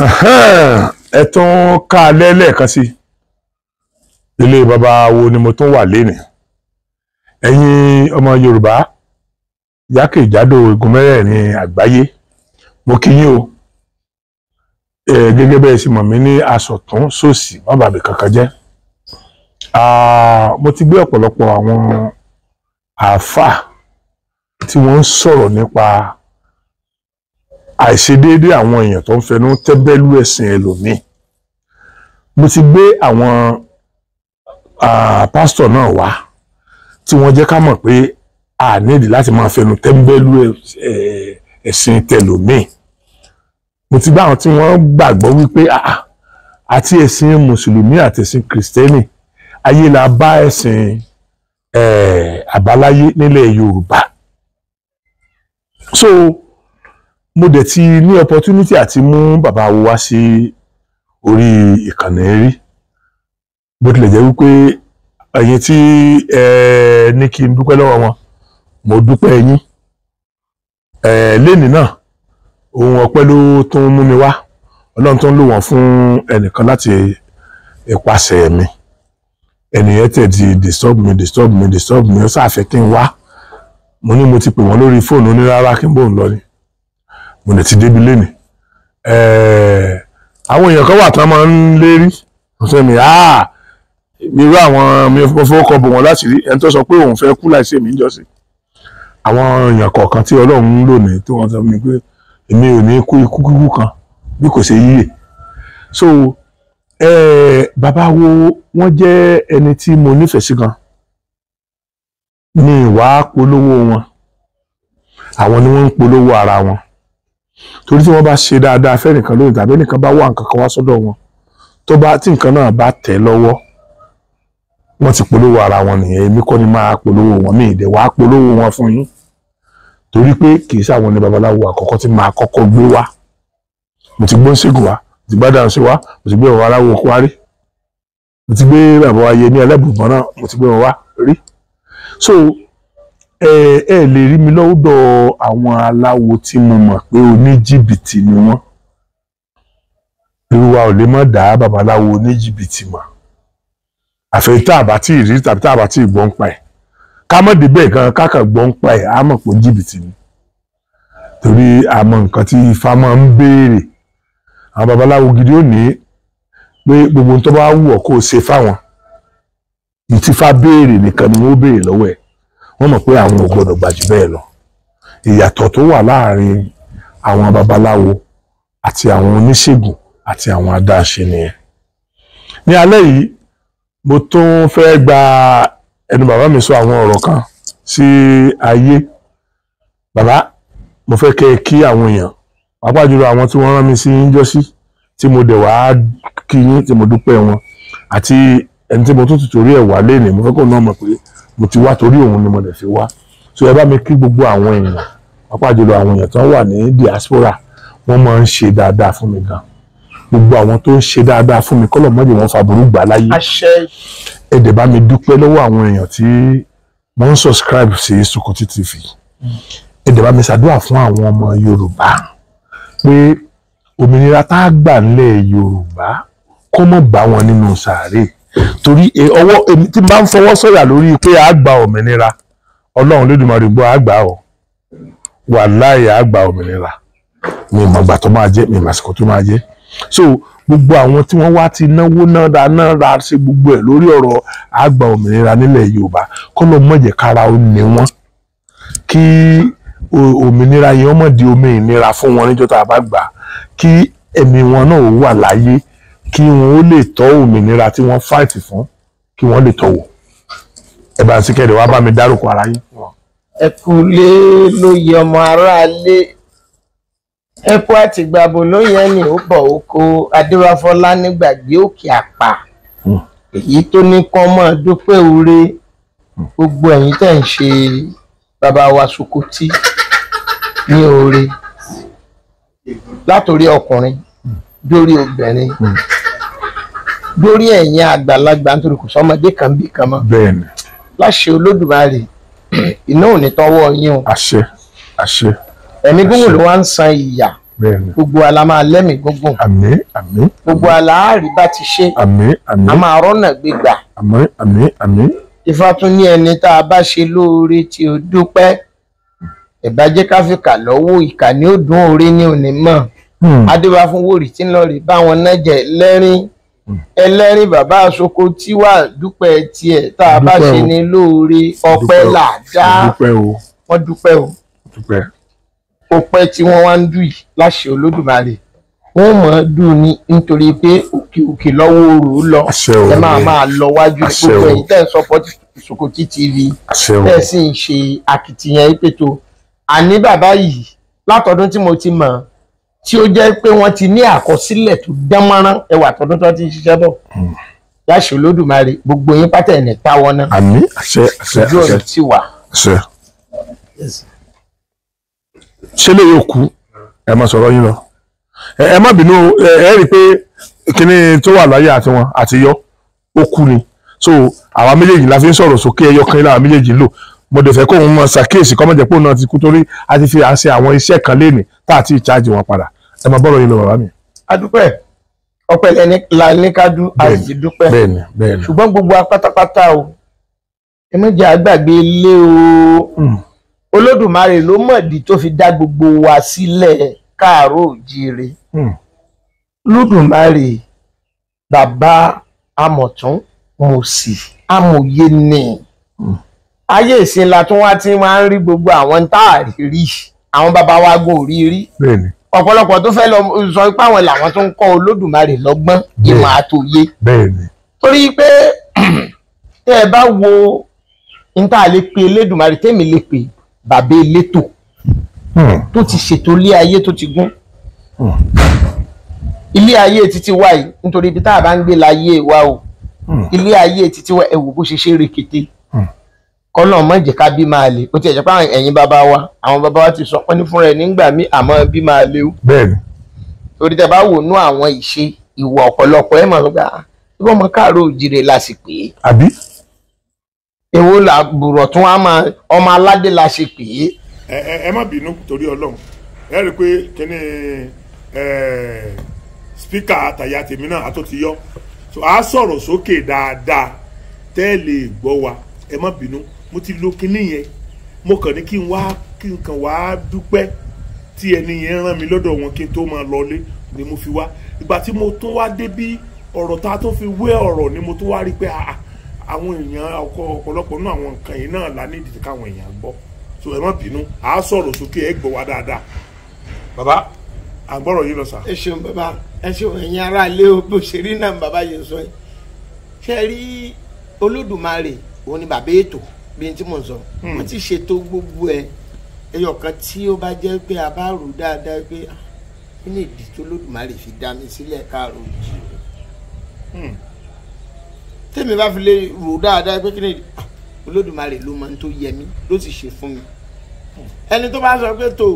ẹ tún ká alẹ́ lẹ́ẹ̀kan sí ilé baba wo ni mo tún wà lénìí ẹ̀yin ọmọ Yorùbá jákèjádò igun mẹ́rẹ̀ẹ̀rin àgbáyé mo kí yín o gẹ́gẹ́ bẹ́ẹ̀ sì mọ̀ mí ní asọ̀tún sòsì má bàbí kankan jẹ́ mo ti gbé ọ̀pọ̀lọpọ̀ àwọn àáfà tí wọ́n ń sọ̀rọ̀ nípa àìṣedéédé àwọn èèyàn tó ń fẹnu tẹ́bẹ́lú ẹ̀sìn ẹlòmíì mo ti gbé àwọn pásítọ̀ náà wá tí wọ́n jẹ́ ká mọ̀ pé a nídìí láti máa fẹnu tẹ́bẹ́lú ẹ̀sìn tẹlòmíì mo ti gbá àwọn tí wọ́n gbàgbọ́ wípé àti ẹ̀sìn mùsùlùmí àti ẹ̀sìn kìrìsìtẹ́nì ayé la bá ẹ̀sìn àbáláyé nílẹ̀ yorùbá so mo dẹ̀ ti ní opportunity àti mú bàbá wo wá sí orí ìkànnì rí bó tilẹ̀ jẹ́ wípé ẹ̀yin tí ẹ ní kí n dúpẹ́ lọ́wọ́ wọn mo dúpẹ́ yín ẹ̀ lẹ́nìí náà ohun ọpẹ́ ló tún mú mi wá ọlọ́run tó ń lò wọ́n fún ẹnìkan láti ìpasẹ̀ mi ẹnìyẹn tẹ̀ di disturb mi disturb mi disturb mi ó sáà fẹ́ kí n wá mo ní mo ti pè wọ́n lórí fóònù ní rárá kí n bò ń lọ ni mo dẹ̀ ti débi lénìí àwọn èèyàn kan wà tán máa ń lérí ọ̀sẹ̀ mi ah, irú àwọn mi fọwọ́kọ bò wọ́n láti rí ẹni tó sọ pé òun fẹ́ kú láìsí èmi jọ́sìn àwọn èèyàn kọ̀ọ̀kan tí ọlọ́run ń lò ní tí wọ́n sọ mi pé èmi ò ní kú ikú kúkú kan bí kò ṣe yíyè so bàbá wo wọ́n jẹ́ ẹni tí mo nífẹ̀ẹ́ sí gan ni ìwà polówó wọn àwọn ni wọ́n ń polówó ara wọn torí tí wọ́n bá ṣe dáadáa fẹ́nìkan lóyún tàbí ẹnìkan bá wà nǹkan kan wá sọ́dọ̀ wọn tó bá tí nǹkan náà bá tẹ̀ lọ́wọ́ wọ́n ti polówó ara wọn nìyẹn èmi kọ́ ni máa polówó wọn mí ìdẹ̀ wàá polówó wọn fún yín torí pé kì í sáwọn ní babaláwo àkọ́kọ́ tí máa kọ́kọ́ gbé wá mo ti gbóńṣègùn wá mo ti gbádàn sí wá mo ti gbé wọn aláwo kwari mo ti gbé bàbá wa yẹ ní ẹlẹ́bùbọ̀n náà mo ti gbé wọn wá rí so ẹ ẹ lè rí mi lọ́wọ́dọ̀ àwọn aláwo tí mo mọ̀ pé oní jìbìtì ni wọ́n irú wa ò lè mọ̀ dá babaláwo oní jìbìtì mọ̀ àfẹ́ tá a bá tí ì rí tàbí tá a bá tí ì gbọ́n pa ẹ̀ ká mọ̀ débẹ̀ gan kákà gbọ́n pa ẹ̀ á mọ̀ pé jìbìtì ni torí àmọ́ nǹkan tí ifá máa ń béèrè àwọn babaláwo gidi ó ní pé gbogbo tó bá wù ọ́ kó o ṣe fáwọn ìtìfá béèrè nìkan ni wọ́n béèrè lọ́wọ́ ẹ̀ wọ́n mọ̀ pé àwọn ò gbọ́dọ̀ gbàjú bẹ́ẹ̀ lọ ìyàtọ̀ tó wà láàrin àwọn babaláwo àti àwọn oníṣègùn àti àwọn adáṣe nìyẹn ní alẹ́ yìí mo tún fẹ́ gba ẹnu bàbá mi sọ àwọn ọ̀rọ̀ kan sí ayé bàbá mo fẹ́ kẹ́ ẹ kí àwọn èèyàn pàápàá jùlọ àwọn tí wọ́n rán mi sí jọ́sí tí mo dẹ̀ wá kí yín tí mo dúpẹ́ wọn àti ẹni tí mo tún tìtorí ẹ̀ wá léèní mo fẹ́ kó náà mọ̀ pé mo ti wá torí òun ni mo lè fi wá so ẹ bá mi kí gbogbo àwọn èèyàn pàápàá àwọn èèyàn tó wà ní diaspora wọ́n máa ń ṣe dáadáa fún mi gan gbogbo àwọn tó ń ṣe dáadáa fún mi kọ́lọ̀ mọ́jì wọn fàbùrú gbà láyé ẹ̀dẹ̀ bá mi dúpẹ́ lọ́wọ́ àwọn èèyàn tí mo ń subscribe sí Sokoti TV ẹ̀dẹ̀ bá mi ṣàdúrà fún àwọn ọmọ Yorùbá pé òmìnira tá a gbà ńlẹ̀ Yorùbá kó mọ̀ bá wọn nínú sàárè torí e, ọwọ́ èmi tí n bá ń fọwọ́ sọ̀yà lórí pé a gba òmìnira ọlọ́run lódùmarè gbọ́ a gbà ọ́ wàláhì a gba òmìnira mi mọ̀ gbà tó máa jẹ́ mi mọ̀ àsìkò tó máa jẹ́ so gbogbo àwọn tí wọ́n wá ti náwó náà ra náà ra ṣe gbogbo ẹ̀ lórí ọ̀rọ̀ a gba òmìnira nílẹ̀ yorùbá kọ́ ló mọ̀ jẹ́ kára ó ní wọ́n kí òmìnira yẹn ó mọ̀ di omi ìnira fún wọn níjọ́ tá a bá gbà kí ẹ̀mí wọn náà wà láyé kí wọn ó lè tọ́ òmìnira tí wọ́n fáìtì fún kí wọ́n lè tọ́wò ẹ bá ń síkẹ̀dẹ̀ wá bá mi dárúkọ ara yín. ẹ kú lé ló yẹ ọmọ aráalé ẹ kú ló yẹ ni ó bọ̀ oko adéwáfọlá nígbàgbé òkè àpà hmm. èyí tó ní kán mọ́ dúpẹ́ oore hmm. gbogbo ẹ̀yin tẹ̀ ń ṣe bàbá wa Sokoti ní oore hmm. látòrí ọkùnrin dórí obìnrin lórí ẹ̀yin àgbàlagbà nítorí kò sọmọdé kan bí kan mọ́. bẹ́ẹ̀ni. láṣẹ olódùmarè iná ò ní tọwọ́ yín o. àṣẹ àṣẹ. ẹ̀mí gúngùn ló wá ń san ìyà. bẹ́ẹ̀ni. gbogbo àlá máa lẹ́mìí gúngùn. àmín àmín. gbogbo àlá àárí bá ti ṣe. àmín àmín. a máa rọ́nà gbégbà. àmín àmín àmín. Ifá tún ní ẹni tá a bá ṣe lóore tí o dúpẹ́ ìbàjẹ́ káfíkà lọ́wọ́ ìkà ní dún oore ní mọ̀ hmm. adébá wòrì tí ń lọ rè báwọn náà lẹ́rìn ẹlẹ́rìn bàbá àsoko tí wà dúpẹ́ tiẹ̀ tá a bá ṣe ni lóore ọpẹ́ là dá wọ́n dúpẹ́ o ọpẹ́ tí wọ́n wá ń dù yìí láṣẹ olódùmarè wọ́n mọ̀ ọ́n dùn ní nítorí pé òkè òkè lọ́wọ́ òru lọ ẹ máa máa lọ wájú gbogbo ẹ̀yìn tẹ́ ń sọpọ́tì Sokoti TV tẹ́ sì ń ṣe akitiyan ìpètò àní bàbá yìí látọdún tí mo ti mọ̀ ọ́n tí ó jẹ́ pé wọ́n ti ní àkọsílẹ̀ tó dánmọ́rán ẹwà tọdún tó ti ń ṣiṣẹ́ bọ̀ láṣẹ hmm. olódùmarè gbogbo yín pátá ẹ̀ nípa wọn náà àmín àṣẹ àṣẹ àṣẹ ojú ọ̀rẹ́ ti wà. ṣé lè yóò kú ẹ máa sọ̀rọ̀ yín lọ ẹ má bínú ẹ rí i pé kíní tó wà láyé àti wọn àti yọ ó kú ni so àwa méjèèjì la fi ń sọ̀rọ̀ sókè ẹyọ kan láwa méjèèjì ń lò mo dẹ̀ fẹ́ kó òun mọ ṣàkíyèsí kọ́mọ̀jẹ̀ pé òun náà ti kú torí a ti fi àṣẹ àwọn iṣẹ́ kan léèní tá a ti ṣáàjì wọn padà ẹ máa bọ́rọ̀ yín lọ bàbá mi. a dúpẹ́ ọpẹ́ la ní ká dú a sì dúpẹ́ ṣùgbọ́n gbogbo apátápátá o ẹ má jẹ́ àgbàgbé ilé o hmm. olódùmarè ló mọ̀dí tó fi dá gbogbo wa sílẹ̀ káàárọ̀ òjíire hmm. lódùmarè bàbá amọ̀tún mọ̀sí amòye ni hmm. ayé ìsìn la tún ti máa ń rí gbogbo àwọn tá a rí rí àwọn bàbá wa gùn rí ọ̀pọ̀lọpọ̀ tó fẹ́ lọ sọ pé àwọn làwọn tó ń kọ́ olódùmarè lọ́gbọ́n ìmọ̀ àtòye torí pé tẹ́ ẹ bá wo n tá a lè pe elédùmarè tẹ́mi lè pe bàbá elétò hmm. tó ti ṣètò ilé ayé tó ti gún hmm. ilé ayé títí wa yìí nítorí ibi tá a bá ń gbé láyé wa o hmm. ilé ayé títí wa ẹ wò bó ṣe ṣe rekete kọ́nà mọ́ jẹ́ ká bí máa le ó ti ẹ̀jẹ̀ pé ẹ̀yin bàbá wa àwọn bàbá wa ti sọ pé ní fúnra ẹ̀ nígbà míì àmọ́ bí máa le ó. bẹ́ẹ̀ni. torí tẹ bá wò nú àwọn ìṣe ìwà ọ̀pọ̀lọpọ̀ ẹ̀ mọ̀ gbà tí ah, wọ́n mọ káàró òjìrè la sì pè é. àbí. èwo la bùrọ̀ tún wá máa ọmọ aládé la ṣe pè é. ẹ ẹ ẹ má bínú torí Ọlọ́run ẹ rí i pé kíní spíkà àtàyà tèmi náà àtó ti yọ a sọ̀rọ̀ sókè dáadáa tẹ́ẹ̀ lè gbọ́ wa ẹ má bínú mo ti lo kinní yẹn mo kàn ní kí n wá kí n kàn wá dúpẹ́ tí ẹni yẹn rán mi lọ́dọ̀ wọn kí n tó máa lọlé ni mo fi wá ìgbà tí mo tún wá débí ọ̀rọ̀ tá a fi wé ọ̀rọ̀ ni mo tún wá rí pé àwọn èèyàn ọ̀pọ̀lọpọ̀ náà àwọn nǹkan yìí náà lá nídìí káwọn èèyàn gbọ́ so ẹ má bínú à á sọ̀rọ̀ sókè ẹ gbọ́ wa dáadáa bàbá à ń gbọ́rọ̀ yìí lọ sà. ẹ ṣeun bàbá ẹ ṣeun ẹ̀yin ará ilé bó ṣe náà bàbá yẹn sọ yìí ṣe rí Olódùmarè òun ni bàbá ètò bí n tí mò ń sọ wọ́n hmm. ti ṣètò gbogbo ẹ̀ ẹyọ tí ó bá jẹ́ pé a bá rò dáadáa pé ah, kí ni ìdí tó lódùmarè fi dá mi sílẹ̀ káàró jì hmm. tèmi bá fi lè rò dáadáa pé kí ni ah, olódùmarè ló máa ń tó yẹ mí ló sì ṣe fún mi hmm. ẹni tó bá sọ pé tó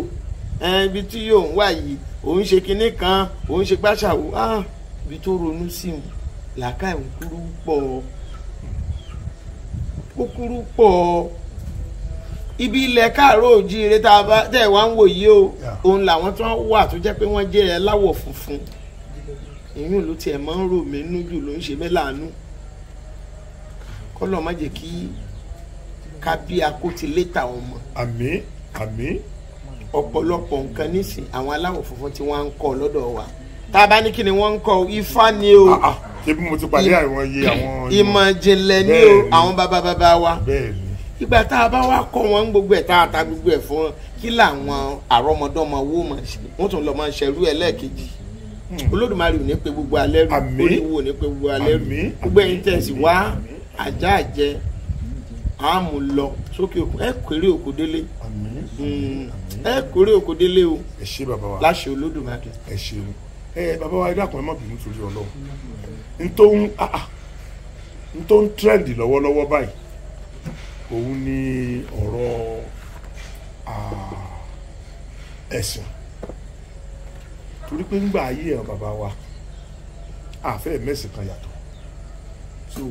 ibi tí yóò ń wà yìí òun ṣe kinní kan òun ṣe gbàṣàwò ah, ibi tó ronú sí mi làákàyè ń kúrú pọ̀ ọ́ kúkúrú pọ̀ ibi ilẹ̀ káàárọ̀ òjíire tá a bá tẹ̀ wá ń wò yìí o òun làwọn tó wà tó jẹ́ pé wọ́n jẹ́ ẹ láwọ̀ funfun ìyún ló tiẹ̀ máa ń rò mí nú jù ló ń ṣe mí láàánú kọ́lọ́ má jẹ́ kí kábíà kó ọmọ. ọ̀pọ̀lọpọ̀ nǹkan nísìn àwọn aláwọ̀ funfun tí wọ́n á ń kọ́ lọ́dọ̀ wa tá a bá ní kí ni wọ́n ń kọ ifá ni o ebi ah, ah. mo ti pàdé àwọn iye àwọn. ìmọ̀ ìjìnlẹ̀ ni o àwọn bàbá bàbá wa ìgbà tá a bá wá kọ́ wọn gbogbo ẹ̀ tá a ta gbogbo ẹ̀ fún kí làwọn àrọ́mọdọ́mọ wó máa ṣe wọ́n tún lọ máa ṣẹ̀rú ẹ̀ lẹ́ẹ̀kejì hmm. olódùmarè ò ní pe gbogbo alẹ́ rú olúwo ò ní pe gbogbo alẹ́ rú gbogbo ẹ̀yin tẹ̀sí wá ajá àjẹ àmú lọ sókè òkun ẹ kéré òkú délé hmm. ẹ kéré òkú délé o láṣẹ olódùmarè ẹ bàbá wa ẹ dákun ẹ má bínú torí Ọlọ́run n tó ń ah, ah, n tó ń trend lọ́wọ́lọ́wọ́ báyìí òun ni ọ̀rọ̀ ah, ẹ̀sìn torí pé ńgbà ayé ẹ̀ bàbá wa àfẹ́ mẹ́sìn kan yàtọ̀ so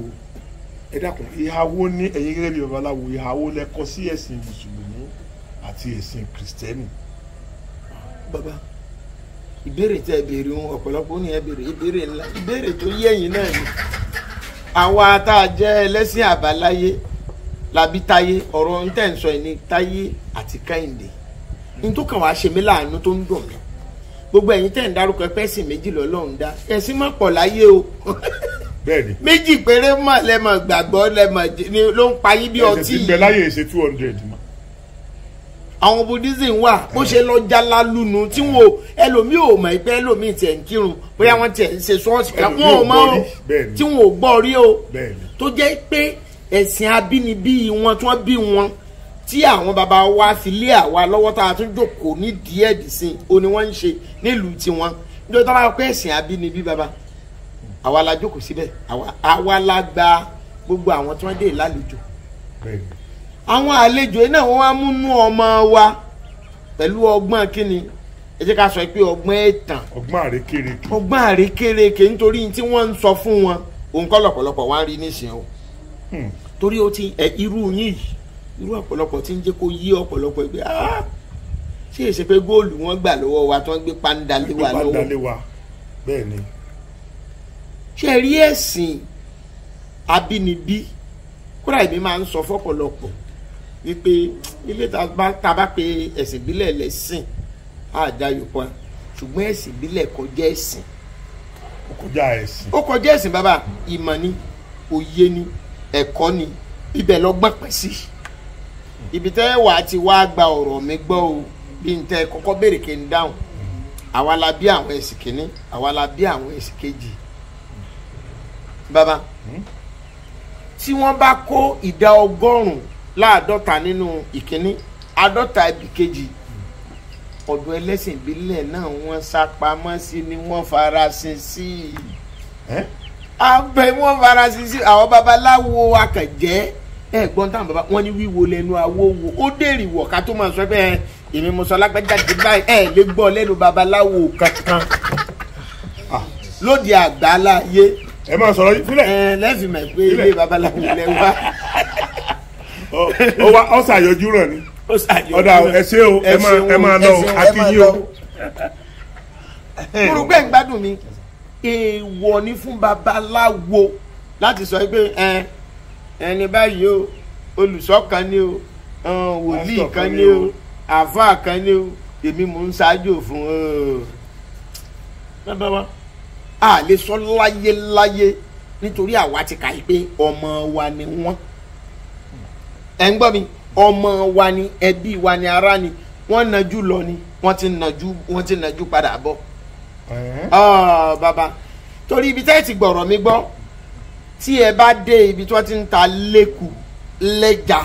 ẹ dákun ìhàwó ní ẹ̀yin gẹ́gẹ́ bí babaláwo ìhàwó lẹ́kọ́ sí ẹ̀sìn mùsùlùmí àti ẹ̀sìn kìrìsìtẹ́nì bàbá ìbéèrè tí ẹ béèrè ohun ọ̀pọ̀lọpọ̀ ó ní ẹ béèrè ìbéèrè ńlá ìbéèrè tó yé ẹ̀yin náà ni àwa tá a jẹ́ ẹlẹ́sìn àbáláyé làbí táyé ọ̀rọ̀ ń tẹ̀ ń sọ ẹni táyé àti kẹ́hìndé ní tó kàn wá ṣe mí láàánú tó ń dùn mí gbogbo ẹ̀yin tẹ̀ ń dárúkọ pẹ́sìn méjì lọ́lọ́run dá ẹ̀sìn mọ̀ pọ̀ láyé o bẹ́ẹ̀ni méjì péré mọ̀ lẹ́mọ̀ gbàgbọ́ lẹ́mọ̀ ló ń payín bí ọtí yìí ẹ̀sìn àwọn buddhism wà bó ṣe lọ jala lùnú tí wọn ò ẹlòmíì ò mọ̀ pé ẹlòmíì tiẹ̀ ń kírun bóyá wọn tiẹ̀ ń ṣe ṣọ́ọ̀ṣì ká wọn ò mọ̀ o tí wọn ò gbọ́ rí o tó jẹ́ pé ẹ̀sìn abínibí wọn tí wọ́n bí wọn tí àwọn baba wa fi lé àwa lọ́wọ́ tá a tún jókòó ní díẹ̀ dìsín o ni wọ́n ń ṣe nílùú tiwọn nítorí tó bá pẹ́ ẹ̀sìn abínibí baba àwa la jókòó síbẹ̀ àwa la gba gbogbo àwọn tí wọ́n dé lálejò. bẹ́ẹ̀ni àwọn àlejò yìí náà wọ́n wá múnú ọmọ wa pẹ̀lú ọgbọ́n kínni ẹ jẹ́ ká sọ pé ọgbọ́n ẹ̀tàn ọgbọ́n àrékérekè ọgbọ́n àrékérekè nítorí tí wọ́n ń sọ fún wọn òun kọ́ lọ́pọ̀lọpọ̀ wá rí nísìnyí o hmm. torí o ti irú yín yìí irú ọ̀pọ̀lọpọ̀ tí ń jẹ́ kó yí ọ̀pọ̀lọpọ̀ ah ṣé èsì pé góòlù wọn gbà lọ́wọ́ wa tí wọ́n gbé pàǹdà lé wa lọ́wọ́ bẹ́ẹ̀ ni ṣe rí ẹ̀sìn abínibí kúrò èmi máa ń sọ fọ́pọ̀lọpọ̀ wípé ilé tá a bá pe ẹ̀sìn ìbílẹ̀ lẹ́sìn àdáyòpọ̀ ṣùgbọ́n ẹ̀sìn ìbílẹ̀ kọjá ẹ̀sìn. ó kọjá ẹ̀sìn. ó kọjá ẹ̀sìn bàbá ìmọ̀ ni òye ni ẹ̀kọ́ ni ibẹ̀ lọ́gbọ́n pẹ̀ sí. ibi tẹ́ wà á ti wá gba ọ̀rọ̀ mi gbọ́ o bí n tẹ́ kọ́kọ́ béèrè kí n dáhùn àwa la bí àwọn ẹ̀sìn kìíní àwa la bí àwọn ẹ̀sìn kejì. bàbá hmm? tí wọ́n bá kó ìdá ọgọ́rùn-ún láàdọ́ta nínú ìkíní àdọ́ta ibì kejì ọ̀dọ̀ ẹlẹ́sìn ìbílẹ̀ náà wọ́n sá pamọ́ sí ni wọ́n farasin sí i abẹ wọ́n farasin sí àwọn babaláwo akànjẹ́ ẹ gbọ́n táwọn baba wọ́n ní wíwo lẹ́nu awo wo ó dèrè wọ̀ ká tó máa sọ bẹ́ẹ̀ èmi mo sọ lágbájáde báyìí ẹ lè gbọ́ lẹ́nu babaláwo kankan ah, lóde àgbáláyé ẹ máa sọ̀rọ̀ sílẹ̀ ẹ lẹ́fìmọ̀ pé ilé babaláwo lẹ wá ó wá ọ̀sà àyọjú ràn ni ọ̀dà ẹ ṣé o ẹ máa lọ akínyìn o. burúkẹ́ ń gbádùn mi èèwọ̀ ni fún babaláwo láti sọ pé ẹni báyìí o olùṣọ́ kan ni o wòlíì kan ni o àáfàá kan ni o èmi mò ń ṣáájú fún ọ a lè sọ láyéláyé nítorí àwa ti kà í pé ọmọ wa ni wọ́n ẹ̀ ń gbọ́ mi ọmọ wa ni ẹbí wa ni ará ni wọ́n najú lọ ni wọ́n ti najú wọ́n ti najú padà bọ̀ bàbá torí ibi tẹ́ ti gbọ̀rọ̀ mi gbọ́ tí ẹ bá dé ibi tí wọ́n ti ń ta lẹ́kù lẹ́jà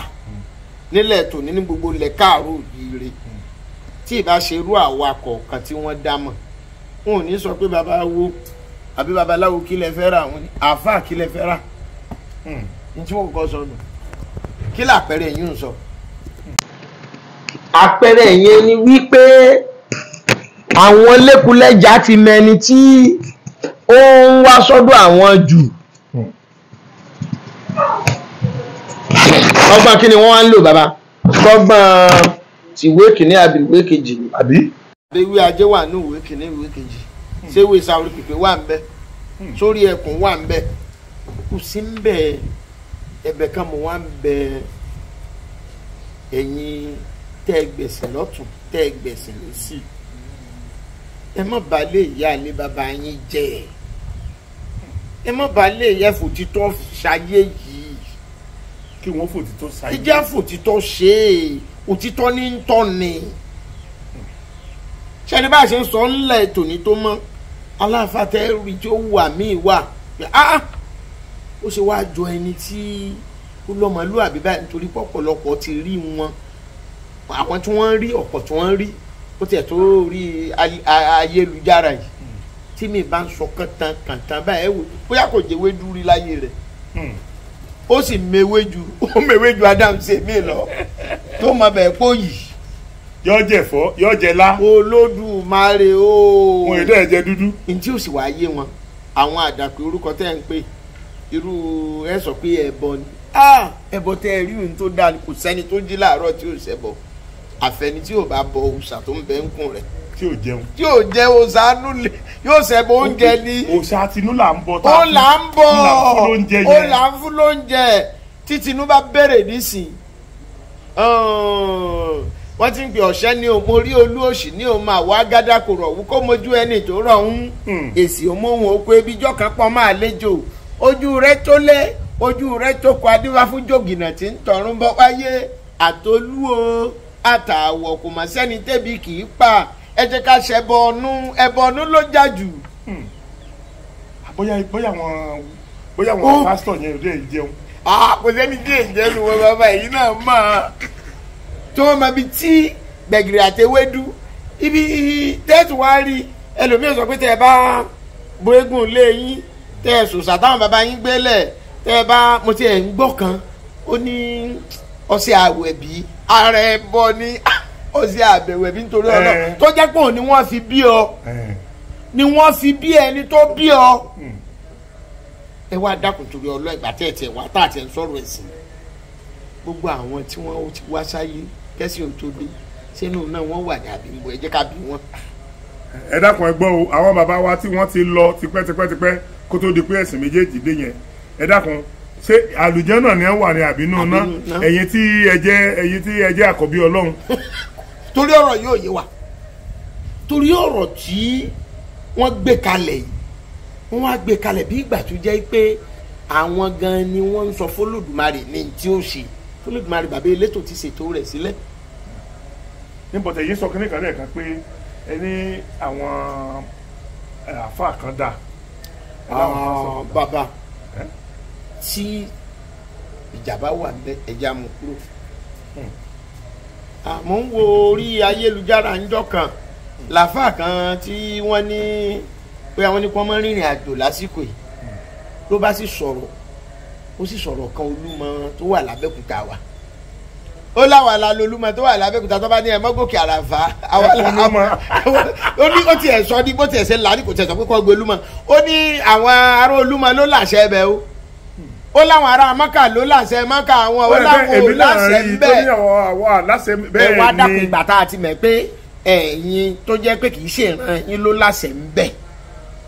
nílẹ̀ tòní ní gbogbo lẹ̀ káàró yìí rè hmm. tí ì ṣe irú àwa kọ̀ọ̀kan tí wọ́n dá mọ̀ wọn ò ní sọ pé baba wo àbí babaláwo kí lẹ fẹ́ rà wọn àáfàá kí lẹ fẹ́ rà hmm. ní tí wọ́n kọ́ sọnù kí làpẹẹrẹ yín ń sọ. àpẹẹrẹ yẹn ni wípé àwọn lẹ́kùlẹ́jà ti mẹni tí ó ń wá sọ́dọ̀ àwọn jù. ọgbọ́n kí ni wọ́n wá ń lò bàbá gbọ́gbọ́n tìwé kìíní àbí kejì ni. àbí. àbẹ̀wé ajé wà ní ìwé kìíní ìwé kejì ṣé ìwé Sáúrù Pípé wà ń bẹ sórí hmm. ẹkùn wà ń bẹ kò sí ń bẹ ẹ̀bẹ̀ kan mo wá ń bẹ ẹ̀yin tẹ́ ẹ gbẹ̀sìn lọ́tún tẹ́ ẹ gbẹ̀sìn lọ́sì ẹ má bà lé ìyá ilé bàbá yín jẹ́ ẹ má bà lé ìyá fòtítọ́ ṣayé yìí kí wọ́n fòtítọ́ ṣayé ìjà fòtítọ́ ṣe é òtítọ́ ní ń tọ́ ni ṣẹ́ni bá a ṣe ń sọ ńlẹ̀ tòní tó mọ́ aláfàtẹ́ rí tí ó wà míì wà ah, ah ó ṣe wá jọ ẹni tí ó lọ́mọlúwàbí báyìí nítorí pọ̀pọ̀lọpọ̀ ti rí wọn àwọn tí wọ́n ń rí ọ̀pọ̀ tí wọ́n ń rí ó tiẹ̀ tó rí ayélujára yìí tí mi bá ń sọ kàntàn kàntàn báyìí wò bóyá kò jẹ́wé dúró láyé rẹ̀ hmm. ó sì mewé ju ó mewé ju adam ṣe mí lọ tó mọ bẹ́ẹ̀ pọ̀ yìí yọ jẹ fọ yọ jẹ la. Olódùmarè ooo. wọn ò dẹ́ jẹ dúdú. ntí ò sì wáá yé wọn àwọn àdàpè orúkọ tẹ́ ń pè é irú ẹ sọ pé ẹbọ ni ẹbọ tẹ ẹ rí ohun tó dáa ni kò sẹ́ni tó jí láàárọ̀ tí ò ṣẹbọ àfẹni tí ò bá bọ òòṣà tó ń bẹ ń kùn rẹ̀ tí ò jẹun. tí ò jẹ òòṣà nulẹ̀ yóò ṣẹ̀bọ̀ oúnjẹ ni. òòṣà tinú là ń bọ. ó là ń bọ̀ ó là ń fún lóúnjẹ tí tinú bá bẹ̀rẹ̀ nísìn. wọ́n ti ń pè ọ̀ṣẹ́ ní o mo rí olú òṣì ní o máa wá gádà kò rọ̀ wú kó mojú ẹni tó rọ̀ ń. Hmm. èsì òmóhun ó pé bíjọ́ kan pọ̀ máa lẹ́jọ́ ojú rẹ tó lé ojú rẹ tó kọ adífá fún jògìnà tí ń tọrún bọ wáyé àtolúwo àtàwọ̀ kò mọ̀ sẹ́ni tẹ́bi kì í pa ẹ jẹ́ ká ṣe ẹbọ ọ̀nú ẹbọ ọ̀nú ló jà jù. Hmm. bóyá bóyá wọn bóyá wọn oh. pásítọ̀ yẹn ò dé ìjẹun. kò sẹ́ni dé ìjẹun wọn bàbá èyí náà mọ̀ ọ́. tó wọn mọ ibi tí gbẹ̀gìrì àtẹwédú ibi tẹ́tù wá rí ẹlòmíràn sọ pé tẹ́ ẹ bá bóégùn lé yín tẹ́ ẹ sòsà táwọn bàbá yín gbélẹ̀ tẹ́ ẹ bá mo ti ẹ̀ ń gbọ́ kan ó ní ọṣẹ àwẹ̀bí ara ẹ bọ ní ah, ọṣẹ àbẹ̀wẹ̀bí nítorí ọ̀nà tó jẹ́ pé ni wọ́n fi bí ọ ni wọ́n fi bí ẹni tó bí ọ hmm. ẹ wá dákun torí ọlọ́ ìgbà tẹ́ ẹ tẹ wá tá a tẹ ń sọ̀rọ̀ ẹ̀sìn gbogbo àwọn tí wọ́n ti wá sáyé kẹ́sì ò sínú náà wọ́n wà dàbí ń ẹ jẹ́ ká bí wọn. ẹ dákun ẹ gbọ́ o àwọn bàbá wa tí wọ́n ti lọ tipẹ́tipẹ́tipẹ́ kó tó di pé ẹ̀sìn méjèèjì dé yẹn ẹ dákun ṣé àlùjànnà ni ẹ wà ní àbínú ná ẹ̀yin tí ẹ jẹ́ ẹ̀yin tí ẹ jẹ́ àkọ́bí ọlọ́run. torí ọ̀rọ̀ yóò yé wa torí ọ̀rọ̀ tí wọ́n gbé kalẹ̀ yìí wọ́n á gbé kalẹ̀ bí ìgbà tó jẹ́ pé àwọn gan ni wọ́n ń sọ f'Olódùmarè ní tí ó ṣe f'Olódùmarè bàbá elétò ti ṣètò rẹ̀ sílẹ̀. níbo tẹ̀yìn sọ kínní kan lẹ́ẹ̀kan pé ẹni àwọn eh, àáfàá kan dáa Ah, bàbá tí ìjàmbá wà bẹ ẹja mú kúrò àmọ́ hmm. ah, ń wo orí ayélujára ńjọ́ kan hmm. làáfà kan tí wọ́n ní pé àwọn nípa ọmọ rìnrìn àjò lásìkò yìí hmm. ló bá sì sọ̀rọ̀ ó sì sọ̀rọ̀ kan olúmọ tó wà lábẹ́kúta wa ó láwọn alalolúmọ tó wà lábẹ́kúta tó bá ní ẹ mọ́gòkè àràfà àwọn ó ní ó tiẹ̀ sọ ní bó tiẹ̀ ṣe là ní kò tiẹ̀ sọ pé kọ́ gbé olúmọ ó ní àwọn ará olúmọ ló làṣẹ ẹbẹ o ó láwọn ará mọ́kà ló làṣẹ mọ́kà àwọn ó láwọn ò láṣẹ bẹ́ẹ̀ ẹ wá dàpọ̀ ìgbà tá a ti mẹ̀ pé ẹ̀yin tó jẹ́ pé kì í ṣèrànyìn ló làṣẹ ń bẹ̀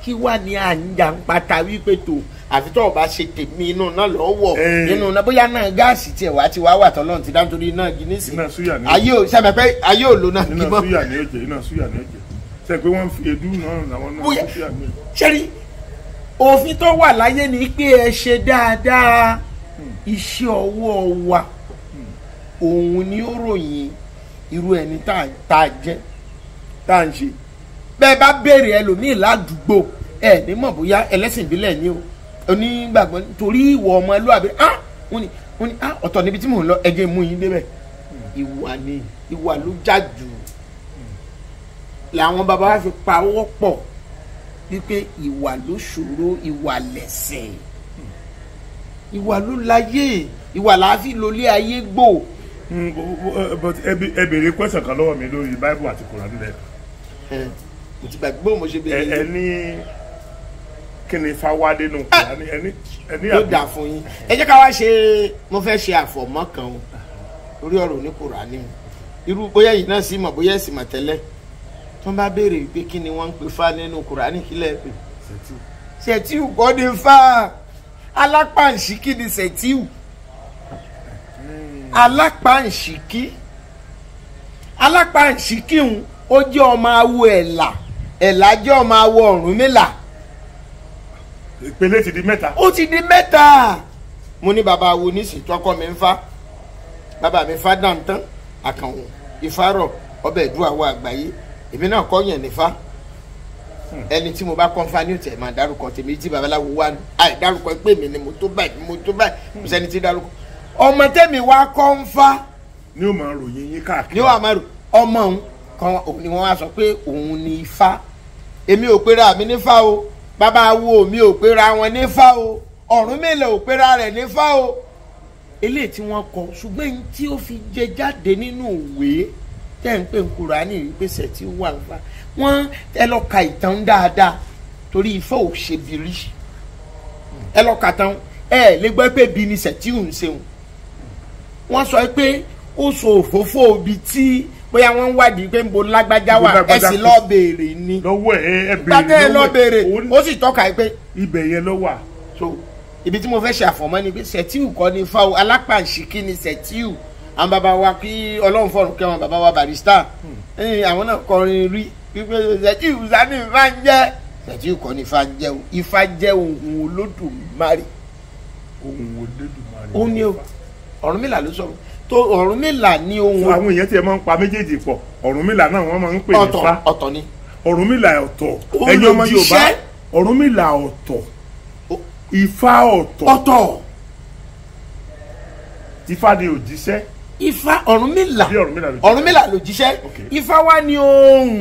kí wà ní à ń jà ń pata wípé tó àfi tó o bá ṣe tèmi inú náà lọ wọ inú náà bóyá náà gáàsì tiẹ̀ wá ti wá wà tọ́lọ́run ti dá nítorí náà gí nísìnyí iná súyà ní òjè sẹ́mi pé ayé ò lo náà gí mọ́ iná súyà ní òjè iná pé wọ́n fi edú náà làwọn náà wọ́n súyà ní òjè. òfin tó wà láyé ni pé ẹ ṣe dáadáa iṣẹ́ ọwọ́ wa òun ni ó ròyìn irú ẹni tá a jẹ́ tá a ń ṣe bẹ́ẹ̀ bá béèrè ẹlòmíì ládùúgbò ẹ̀ ní mọ̀ bóyá ẹlẹ́sìn ìbílẹ̀ ni o onígbàgbọ́ torí ìwọ ọmọlúwàbí ah wọ́n ni wọ́n ni ah ọ̀tọ̀ níbi tí mò ń lọ ẹ̀jẹ̀ mú yín débẹ̀ ìwà ni ìwà ló já jù làwọn baba wa fi pawọ́ pọ̀ wípé ìwà ló ṣòro ìwà lẹ̀sìn ìwà ló láyé ìwà làáfi lólé ayé gbò. Hmm, but ẹ béèrè question kan lọ́wọ́ mi lórí bible àti koran nílẹ̀. mo ti gbàgbọ́ mo ṣe béèrè. ẹ ní kí ni fáwádé nù ah. ẹni ẹni àbí. yóò dà fún yín ẹ jẹ́ ká wá ṣe mo fẹ́ ṣe àfọ̀mọ́ kan o lórí ọ̀rọ̀ ní kùránì irú bóyá yìí náà sì mọ̀ bóyá ẹ̀sìn mọ̀ tẹ́lẹ̀ tó ń bá béèrè pé kí ni wọ́n ń pe fá nínú kùránì kílẹ̀ pé ṣètìwù kọ́ ni fá alápàǹsíkí ni ṣètìwù hmm. alápàǹsíkí alápàǹsíkí ń ó jẹ́ ọmọ awo ẹ̀là ẹ̀là jẹ́ ọmọ awo ọ̀rúnmìlà ìpele ti di mẹ́ta. ó ti di mẹ́ta. mo ní bàbá awo nísì tọkọ mi ń fa bàbá mi fa dantan àkànwò ìfarọ ọbẹ̀ ìdúrà wọ àgbáyé èmi náà kọ́ yẹn nífa hmm. ẹni tí mo bá kọ́ńfà ní òtẹ̀ máa dárúkọ tèmi tí babaláwo wà àì dárúkọ pé mi ni mo tó báyìí mo tó báyìí mo hmm. sẹ́ni tí dárúkọ ọmọ tẹ́mi wá kọ́ńfà. ni o máa ròyìn yín káàkiri. ni o máa rò ọmọ òun kan ni wọ́n á sọ pé òun ni ifá èmi ò pera mi nífá o bàbá wo mi ò pera wọn nífà o ọ̀run mélòó ò pera rẹ̀ nífà o eléyìí tí wọ́n kọ ṣùgbọ́n ẹni tí ó fi jẹ jáde nínú ìwé tẹ́ ń pè ń Kùránì ìgbésẹ̀ tí ó wà nípa wọ́n ẹ lọ ka ìtàn dáadáa torí Ifá ò ṣe bìrì ẹ lọ ka tán ẹ lè gbọ́ pé bí ni sẹ̀tíù ń ṣeun wọ́n sọ pé ó so òfófó ibi tí bóyá wọ́n ń wádìí pé ń bo lágbájá wà ẹ sì lọ béèrè ni gbàtẹ́ ẹ lọ béèrè ó sì tọ́ka pé. ibẹ̀ yẹn ló wà ibi tí mo fẹ́ ṣe àfọ̀mọ́ ni pé sẹ̀tíù kọ́ ni fáwọn alápàǹṣìkí ni sẹ̀tíù àwọn bàbá wa kí ọlọ́run fọ̀rùn kẹ́wọn bàbá wa barista àwọn náà kọrin rí wípé sẹ̀tíù sani ìfà ń jẹ́ sẹ̀tíù kọ́ ni ìfà ń jẹ́ ìfà jẹ́ ohun olódùmarè. ohun olódùmarè. ó ní ọ̀rùnmìlà ló sọ̀rọ̀ tó ọ̀rúnmìlà ni ohun. àwọn èèyàn tiẹ̀ máa ń pa méjèèjì pọ̀ ọ̀rúnmìlà náà wọ́n máa ń pè ní Ifá ọ̀tọ̀ ni. ọ̀rúnmìlà ọ̀tọ̀ ẹ̀yin ọmọ Yorùbá ọ̀rúnmìlà ọ̀tọ̀ Ifá ọ̀tọ̀ ọ̀tọ̀ Ifá ni òjíṣẹ́. Ifá ọ̀rúnmìlà ọ̀rúnmìlà lòjíṣẹ́ Ifá wa ni ohun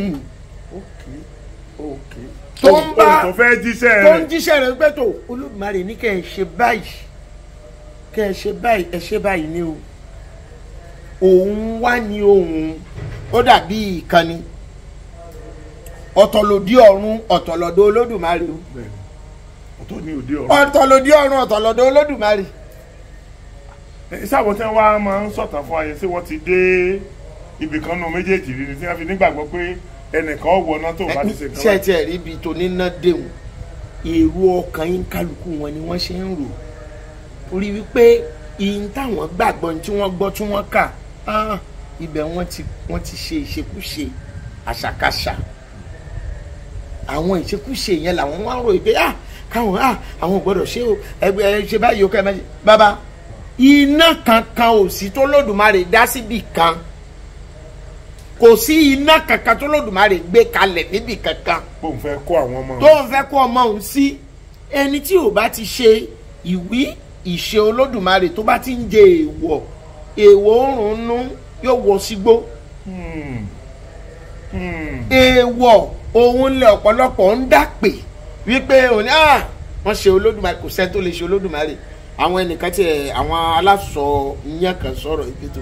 tó ń bá tó ń jíṣẹ́ rẹ̀ pẹ́tò Olódùmarè ní kẹ́ ẹ ṣe báyìí kẹ́ ẹ ṣe báyìí ẹ ṣe báyìí ni o. Okay òun wá ní òun ó dàbí ìkànnì ọ̀tọ̀ lòdì ọ̀run ọ̀tọ̀ olódùmarè o ọ̀tọ̀ lòdì ọ̀run ọ̀tọ̀ lọ́dọ̀ olódùmarè. iṣẹ́ àwọn tí wọ́n máa ń sọ̀tàn fún ayé ṣé wọ́n ti dé ibì kan nù méjèèjì rí ni tí wọ́n fi nígbàgbọ́ pé ẹnìkan wọná tó bá ti ṣe kan. ṣé tiẹ̀ rí ibi tó níná déhùn èrò ọkàn yín kálukú wọn ni wọ́n ṣe ń rò orí wípé ìyìn táwọn gbàgbọ́ tí wọ́n gbọ́ tí wọ́n kà Ah, ibẹ̀ wọ́n ti wọ́n ti ṣe ìṣekúṣe àṣàkáṣà àwọn ìṣekúṣe yẹn làwọn wá ń ròyìn pé ah káwọn ah àwọn gbọ́dọ̀ ṣe o ẹgbẹ́ ẹ ṣe báyìí o kẹ́ ẹ máa ṣe bàbá iná kankan ò sí tó lódùmarè dá síbì kan kò sí iná kankan tó lódùmarè gbé kalẹ̀ níbì kankan. tó ń fẹ́ kó àwọn ọmọ òun tó ń fẹ́ kó ọmọ òun sí ẹni tí ò bá ti ṣe ìwí ìṣe olódùmarè tó bá ti ń jẹ èèwọ̀ èèwọ̀ òórùn nú yóò wọ sígbó hmm. Hmm. èèwọ̀ òun lẹ ọ̀pọ̀lọpọ̀ ń dàpè wípé òní à wọ́n ṣe olódùmarè kò sẹ́ni tó lè ṣe olódùmarè àwọn ẹnìkan tí àwọn aláṣọ yẹn kan sọ̀rọ̀ ìpètò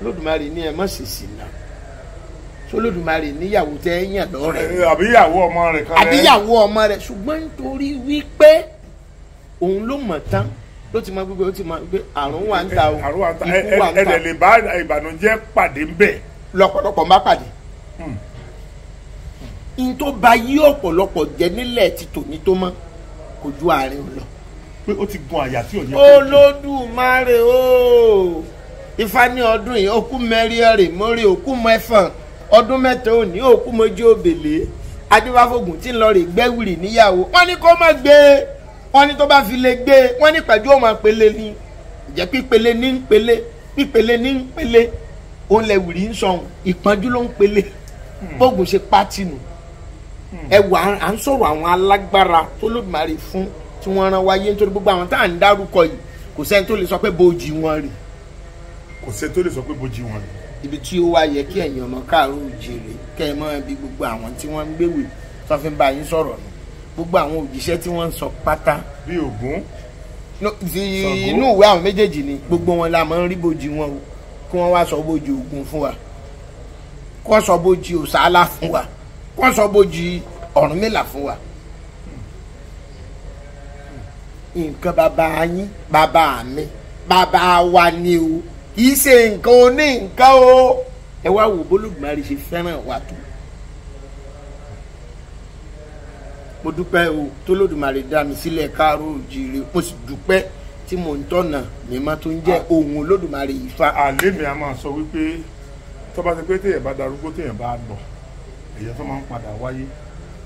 olódùmarè ní ẹ má ṣe sì nà olódùmarè níyàwó tẹ ẹ yàn lọ́rẹ̀. Eh, àbíyàwó ọmọ rẹ̀ kan rẹ̀. àbíyàwó ọmọ rẹ̀ ṣùgbọ́n nítorí wípé òun ló mọ̀ tán ló ti máa gbogbo ó ti máa gbé àrùn wà ń ta o àrùn wà ń ta ikú wà ń ta ẹ̀ẹ́dẹ̀ lè bá ìbànújẹ́ pàdé ń bẹ̀. lọ́pọ̀lọpọ̀ má pàdé. Hmm. n tó ba yí ọ̀pọ̀lọpọ̀ jẹ́ nílẹ̀ ti tòní tó mọ́ kò ju àárín lọ. pé ó ti gun àyà tí ò yẹ kó. Olódùmarè o Ifá ní ọdún yìí òkú mẹ́rìẹ̀rẹ̀ mọ́rẹ̀ òkú mẹ́fọ̀n ọdún mẹ́ta òní òkú mọ́jú òbèlè adébáfógùn tí ń lọ rè gbẹ́wìrì níyàwó wọ́n ní kó má gbé e wọ́n ní tó bá fi lè gbé wọ́n ní pẹ̀jú ọmọ pele ni ìjẹ́ pípele ní pele pípele ní pele òun lè wìrì ń sọ̀hún ìpọ́njú ló ń pele hmm. bóògùn ṣe pátì nù hmm. ẹ wà à ń sọ̀rọ̀ àwọn alágbára tó lódìmarè fún tí wọ́n rán wáyé nítorí gbogbo àwọn tá à ń dárúkọ yìí kò sẹ́ni tó lè sọ pé bojì wọn rè. kò sẹ́ni tó lè sọ pé bojì wọn rè. ibi tí ó wá yẹ kí ẹ̀yin ọmọ káàárọ̀ oòjíire kẹ́ ẹ mọ́ ibi gbogbo àwọn tí wọ́n ń gbéwèé tó fi ń bá yín sọ̀rọ̀ ni gbogbo àwọn òjíṣẹ́ tí wọ́n ń sọ pátá. bí Ògún. ti inú ìwé àwọn méjèèjì ni gbogbo wọn la máa ń rí bòjì wọn o kí wọ́n wá sọ bòjì Ògún fún wa kó sọ bòjì Ọ̀ṣàlà fún wa kó sọ bòjì Ọ̀rúnmìlà fún wa. nǹkan bàbá yín bàbá mi bàbá wa ni o kì í ṣe nǹkan oní nǹkan o ẹ wá wò bólúgbàrí ṣe fẹ́ràn wa tó mo dúpẹ́ o tólódùmarè dá mi sílẹ̀ káàró òjìrè mo sì dúpẹ́ tí mò ń tọ̀nà mímọ́ tó ń jẹ́ ah. ohun olódùmarè Ifá. àlẹ́ mi a máa sọ wípé tó bá ti pé téèyàn bá darúgbó téèyàn bá lọ èyàn tó máa ń padà wáyé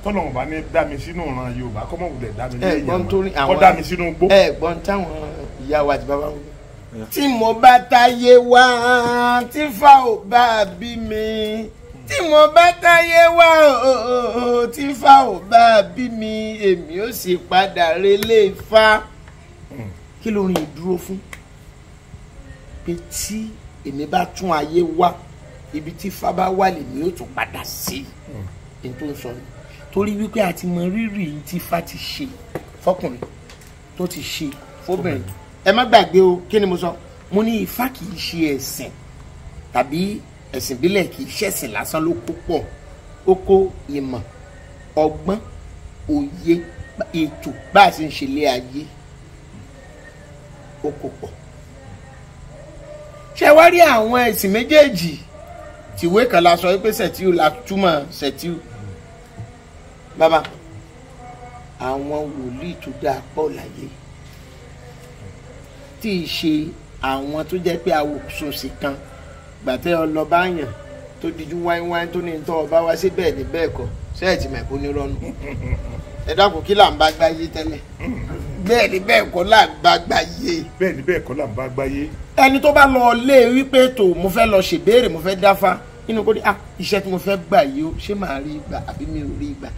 tọ́lọ́run bá ní dá mi sínú ìran Yorùbá kọ́ mọ̀ wulẹ̀ dá mi ní ìyàwó kọ́ dá mi sínú gbó. ẹ gbọ́n táwọn ìyá wa àti bàbá wọn. tí mo bá táyé wá tí fáwọn bá bí mi tí mo bá táyé wá o tí Ifá ò bá bí mi èmi ò sì padà relé Ifá hmm. kí ló rìn dúró fún pé tí èmi bá tún ayé wá ibi tí Ifá bá wà lèmi ò tún padà sí ní hmm. tó ń sọ ni torí wípé a ti mọ rírì tí Ifá ti ṣe fọkùnrin tó ti ṣe fóbìnrin ẹ má gbàgbé o kí ni mo sọ mo ní Ifá kì í ṣe ẹ̀sìn tàbí ẹ̀sìn ìbílẹ̀ kì í ṣẹ̀sìn lásán ló kó pọ̀ ó kó ìmọ̀ ọgbọ́n òye ètò bá a ṣe ń ṣe ilé ayé ó kó pọ̀ ṣe wá rí àwọn ẹ̀sìn méjèèjì tìwé kan la sọ pé sẹ̀tíù la túmọ̀ sẹ̀tíù bàbá àwọn wòlíì tó dáa pọ̀ láyé tí ì ṣe àwọn tó jẹ́ pé awòsùnsì kan gbàtẹ́ ọlọ́ba àyàn tó dijú wáínwáín tó ní tọ́ ọba wá sí bẹ́ẹ̀ ní bẹ́ẹ̀ kọ́ sẹ́ẹ̀tì mẹ́kún ní rọ́nù ẹ dákun kí là ń bá gbáyé tẹ́lẹ̀ bẹ́ẹ̀ ni bẹ́ẹ̀ kọ́ là ń bá gbáyé. bẹ́ẹ̀ ni bẹ́ẹ̀ kọ́ là ń bá gbáyé. ẹni tó bá lọ lé e wípé tó mo fẹ́ lọ ṣèbéèrè mo fẹ́ dáfa inú kó dé ah iṣẹ́ tí mo fẹ́ gbà yìí ó ṣé màá rí gbà àbí mi ò rí gbà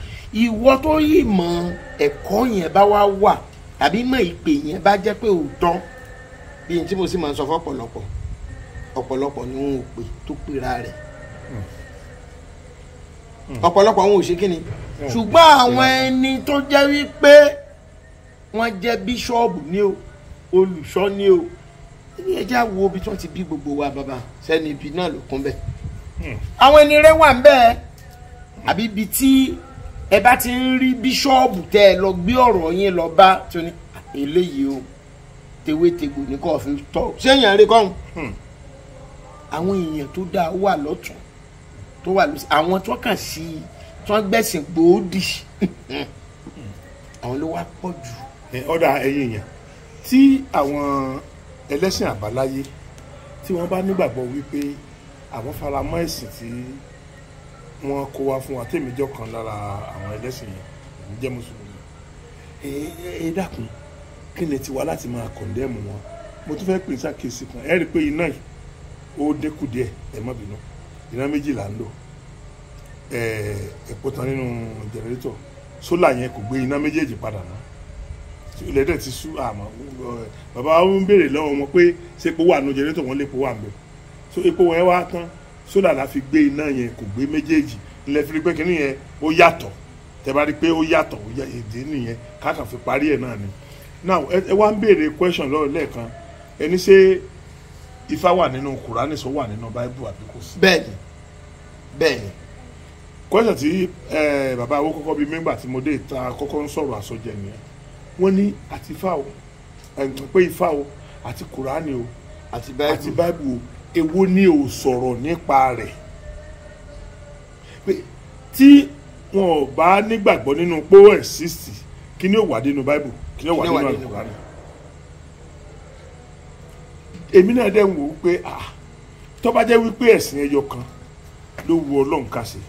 ìwọ tó yìí mọ ẹ̀kọ́ yẹn bá wá wà àbí mọ ìpè yẹn bá jẹ́ pé òótọ́ bí tí mo sì máa ń sọ fọ́pọ̀lọpọ̀ ọ̀pọ̀lọpọ̀ ni wọn ò pè tó pera rẹ̀ hmm. Hmm. ọ̀pọ̀lọpọ̀ wọn ò ṣe kí ni hmm. ṣùgbọ́n àwọn ẹni tó jẹ́ wípé wọ́n jẹ́ bíṣọ́ọ̀bù ni o olùṣọ́ ni o ní ẹja wo ibi tí wọ́n ti bí gbogbo wa bàbá sẹ́ni ibi náà ló kún bẹ́ẹ̀ àwọn ẹni rẹ̀ wà ń bẹ́ẹ̀ àbí ibi tí ẹ bá ti ń rí bíṣọ́ọ̀bù tẹ́ ẹ lọ gbé ọ̀rọ̀ yín lọ bá tó ní eléyìí o tewétegbò ní kò fi tọ́ sẹ́yìn àrékọ́hún àwọn èèyàn tó dáa wà lọ́tún tó wà lọ́sí àwọn tó kàn sí tó ń gbẹ̀sìn gbòódì àwọn ló wá pọ̀ jù. ọ̀dà ẹ̀yin èèyàn tí àwọn ẹlẹ́sìn àbáláyé tí wọ́n bá nígbàgbọ́ wípé àwọn fara mọ́ ẹ̀sìn tí wọ́n kó wá fún wa tèmi jọ kan lára àwọn ẹlẹ́sìn yẹn èmi jẹ́ mùsùlùmí. ẹ ẹ dákun kí ni tiwa láti máa kọ̀ndẹ́ẹ̀mù wọn mo tún fẹ́ pè é sàkíyèsí kan ẹ rí i pé iná yìí ó dínkù díẹ̀ ẹ má bínú iná méjì là ń lò ẹ̀pọ̀ tán nínú jẹnẹrétọ̀ sólà yẹn kò gbé iná méjèèjì padà mọ́ lẹ́dẹ̀ ti sú àmọ́ bàbá wọn béèrè lọ́wọ́ wọn pé ṣé epo wà nù jẹnẹrétọ̀ wọn lépo wà mbẹ́ so epo wọn wá tán sólà la fi gbé iná yẹn kò gbé méjèèjì ńlẹ́ fi rí pé kínní yẹn ó yàtọ̀ tẹ́ bá rí pé ó yàtọ̀ èdè nìyẹn káàkà fi parí ẹ̀ náà ni now ẹ wá ń béèrè question lọ́rọ̀ lẹ́ẹ̀kan ẹni ṣé ifá wà nínú kùránì sọ wà nínú báíbù àbí kò sí. bẹ́ẹ̀ni bẹ́ẹ̀ni. kọ́sà tí bàbá wo kọ́kọ́ bíi mẹ́gbà tí mo dé ìta kọ́kọ́ ń sọ̀rọ̀ àsọjẹ nìyẹn wọ́n ní àti ifá o pé ifá o àti kùránì o àti báíbù o èwo ni o sọ̀rọ̀ nípa rẹ̀ pé tí wọn ò bá nígbàgbọ́ nínú pé ó exist kí ni ó wà nínú báíbù kí ni ó wà nínú àlùkò rẹ̀ èmi náà dẹ̀ ń wò ó pé ah tó bá jẹ́ wípé ẹ̀sìn ẹyọ kan ló wu ọlọ́run ká ṣe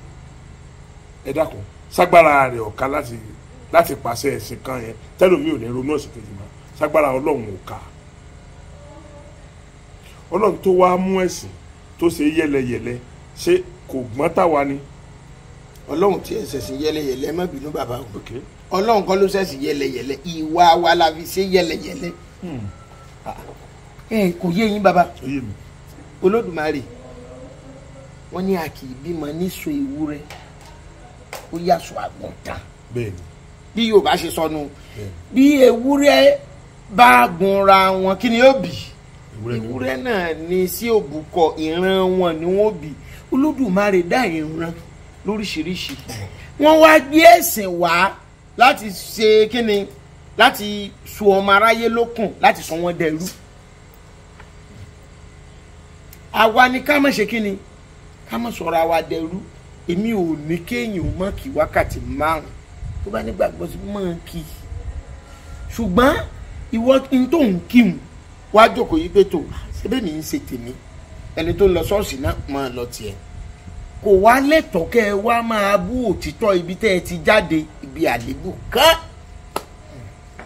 ẹ dákun ságbára rẹ̀ ọ̀ka láti láti pàṣẹ ẹ̀sìn kan yẹn tẹ́lómi ò ní ronú ẹ̀sìn kejì mọ́ ságbára ọlọ́run ò ká ọlọ́run tó wá mú ẹ̀sìn tó ṣe yẹlẹyẹlẹ ṣé kò gbọ́n táwa ni. ọlọ́run tí ẹ̀sẹ̀ sí yẹlẹyẹlẹ má bínú bàbá o ọlọ́run kọ́ ló ṣẹ̀sìn yẹlẹyẹlẹ ìwà wa la fi ṣe yẹlẹyẹlẹ. Hmm. Ah ẹ kò yé yín baba olódùmarè wọn ní a kì í bímọ níṣó ewúrẹ́ ó yàṣọ àgùntàn bí yorùbá ṣe sọnù bí ewúrẹ́ bá gunra wọn kí ni ó bì ewúrẹ́ náà ní sí òbúkọ ìran wọn ni wọn bì olódùmarè dá ìran lóríṣiríṣi wọn wá gbé ẹsẹ̀ wá láti ṣe kí ni láti so ọmọ aráyé lókun láti sọ wọn dẹrú àwa ni ká má ṣe kí ni ká má sọ̀rọ̀ àwa dẹrú èmi ò ní kéèyàn ó mọ̀ kí wákàtí márùn tó bá nígbàgbọ́ sí mọ̀ kí ṣùgbọ́n ìwọ n tó ń kíhun wá jókòó yí pé tó ṣébè mi ń ṣe tèmi ẹni tó ń lọ ṣọ́ọ̀ṣì náà máa lọ tiẹ̀ kò wá lẹ́tọ̀ọ́ kẹ́ ẹ wá máa bú òtítọ́ ibi tẹ́ ẹ ti jáde ibi àlébù kán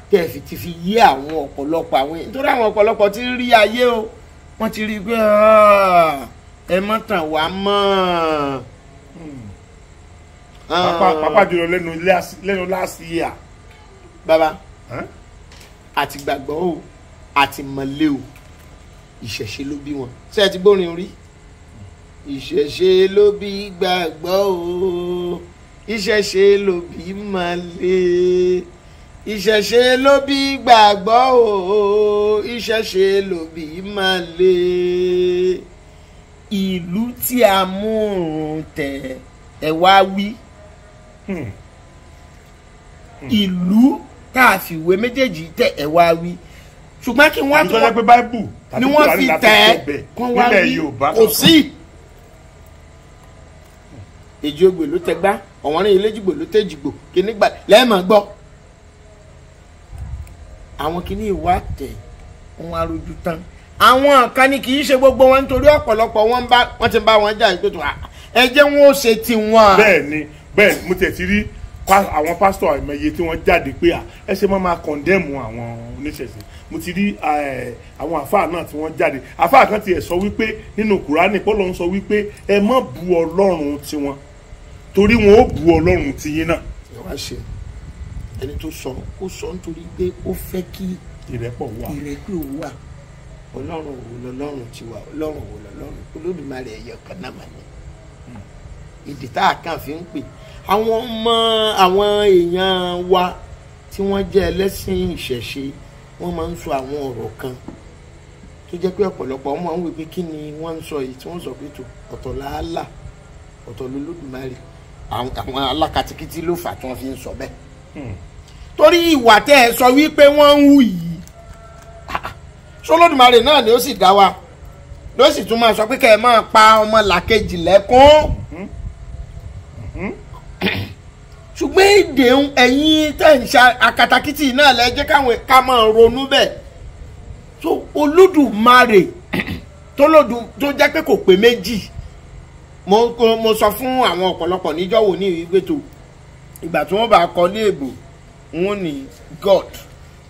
tẹ́ ẹ fi ti fi yé àwọn ọ̀pọ̀lọpọ̀ àwọn èèyàn nítorí àwọn ọ̀pọ̀lọpọ̀ ti ń rí ayé o wọ́n ti rí i pé ah, ẹ mọ́ tàn wá mọ́. Hmm. pàápàá ah. jùlọ lẹ́nu last year. bàbá àti gbàgbọ́ o àti mọ̀lẹ́ o ìṣẹ̀ṣe ló bí wọn ṣé ẹ ti gbórin orí ìṣẹ̀ṣe ló bí gbàgbọ́ o ìṣẹ̀ṣe ló bí mọ̀lẹ́ ìṣẹ̀ṣe ló bí gbàgbọ́ o ìṣẹ̀ṣe ló bí máa lè. ìlú tí a mú òrùn tẹ̀ ẹ̀ wá wí. Hmm. Hmm. ìlú tá a fìwé méjèèjì tẹ̀ ẹ̀ wá wí ṣùgbọ́n kí wọ́n tún wọ́n ni wọ́n fi tẹ̀ ẹ́ kó wá wí kò sí. èjì ogbè ló tẹ gbá ọ̀wọ́n ní ilé jìgbò ló tẹ jìgbò kí nígbà lẹ́ẹ̀mọ̀ gbọ́ àwọn kìíní ìwà tẹ̀ wọn arójú tán àwọn kan ni kì í ṣe gbogbo wọn nítorí ọ̀pọ̀lọpọ̀ wọn bá wọn ti bá wọn jà ìpè tó ah, ẹ jẹ́ wọn ó ṣe tiwọn. bẹ́ẹ̀ni bẹ́ẹ̀ni mo tẹ̀ ti rí àwọn pásítọ̀ àìmọye tí wọ́n jáde pé ah, ẹ ṣe máa máa kọ̀ndẹ́mù àwọn oníṣẹ̀ṣẹ̀ mo ti rí eh, àwọn àfáà náà tí wọ́n jáde àfáà kan tiẹ̀ sọ wípé nínú kùránì pọ́lọ́ ń sọ wípé ẹ má bu ọlọ́run tiwọn torí wọn ó bu ọlọ́run tiyín náà ẹni tó sọ ó sọ nítorí pé ó fẹ́ kí ìrẹ́pọ̀ wà ìrẹ́pọ̀ wà ọlọ́run wo lọ́lọ́run ti wà ọlọ́run wo lọ́lọ́run olódùmarè ẹ̀yọ kan náà mà ní. Hmm. ìdí tá a kàn fi ń pè àwọn ọmọ àwọn èèyàn wa tí wọ́n jẹ́ ẹlẹ́sìn ìṣẹ̀ṣe wọ́n máa ń sọ àwọn ọ̀rọ̀ kan tó jẹ́ pé ọ̀pọ̀lọpọ̀ ọmọ àwọn wípé kí ni wọ́n ń sọ yìí tí wọ́n sọ pé tó ọ̀tọ̀ làálà ọ̀tọ̀ lolódùmarè àwọn alákatikítí ló fà tí wọ́n fi ń sọ bẹ́ẹ̀. Hmm torí ìwà tẹ́ ẹ sọ wípé wọ́n ń hù yìí sọlọ́dúnmarè náà ni ó sì dá wa ló sì tún máa sọ pé kẹ́ ẹ máa pa ọmọ làkejì lẹ́kún ṣùgbọ́n èdè ẹ̀yìn tẹ̀ ń ṣe àkàtàkìtì náà lẹ́jẹ́ káwọn ká máa ronú bẹ́ẹ̀ so olódùmarè tọ́lọ́dún tó jẹ́ pé kò pé méjì mo sọ fún àwọn ọ̀pọ̀lọpọ̀ níjọ́ wò ní ìwé gbẹ̀tò ìgbà tí wọ́n bá kọ ní èbò wọ́n ní god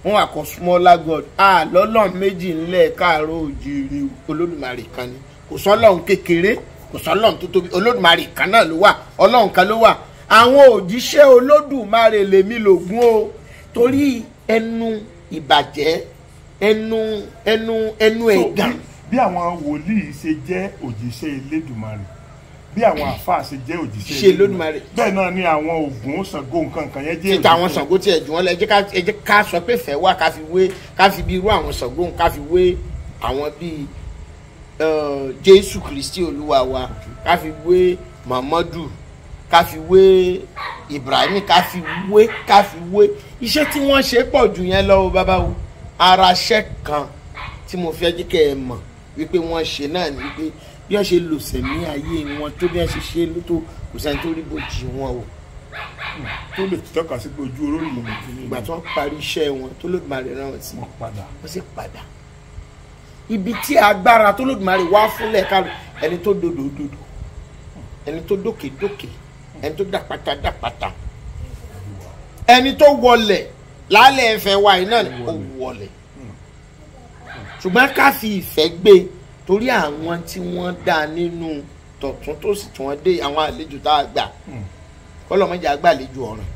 wọ́n wà kan smaller god a lọ́lọ́run méjì ńlẹ̀ káàárọ̀ oòjíire olódùmarè kan ni kò sọ́lọ́run kékeré kò sọ́lọ́run tó tóbi olódùmarè kan náà ló wà ọlọ́run kan ló wà àwọn òjíṣẹ́ olódùmarè lèmi lògùn o torí ẹnu ìbàjẹ́ ẹnu ẹnu ẹnu ẹ̀gàn. bí àwọn wòlíì ṣe jẹ́ òjíṣẹ́ elédùmarè bí àwọn àfáà ṣe jẹ́ òjíṣẹ́ ṣe lódùmarè bẹ́ẹ̀ náà ni àwọn ògùn Ṣàngó nǹkan kan yẹn jẹ́ òjíṣẹ́ títà àwọn Ṣàngó tiẹ̀ jù wọ́n lẹ ẹ ká sọ pé fẹ́ wá ká fi wé ká fi bí irú àwọn Ṣàngó ká fi wé àwọn bíi Jésù Kristi Olúwa wa ká fi wé Muhammadu ká fi wé Ibrahim ká fi wé ká fi wé iṣẹ́ tí wọ́n ṣe pọ̀ jù yẹn lọ bàbá o ara kan tí mo fẹ́ jẹ́ kẹ́ ẹ mọ̀ wípé wọ́n ṣe náà ni wípé bí a ṣe lò sẹ̀mí ayé wọn tó bí wọ́n ṣe ṣe ló tó kò sẹ́ni tó rí bòjì wọn o. tó lè tọ́ka sí pé ojú olórí mi. ìgbà tí wọ́n parí iṣẹ́ wọn tó lè máa rẹ̀ rán wọn sí wọ́n sì padà. ibi tí agbára tó lè máa rẹ̀ wá fúnlẹ̀ ká ẹni tó dodo dodo ẹni tó dókè dókè ẹni tó dàpátá dàpátá ẹni tó wọlẹ̀ lálẹ́ ẹ̀fẹ̀ wa yìí náà ó wọlẹ̀ ṣùgbọ́n ká fi ìfẹ́ gbé e torí àwọn tí wọ́n dá nínú tọ̀tún tó sì tí wọ́n dé àwọn àlejò tá a gbà hmm. kọlọ́mọdé àgbàlejò ọ̀ràn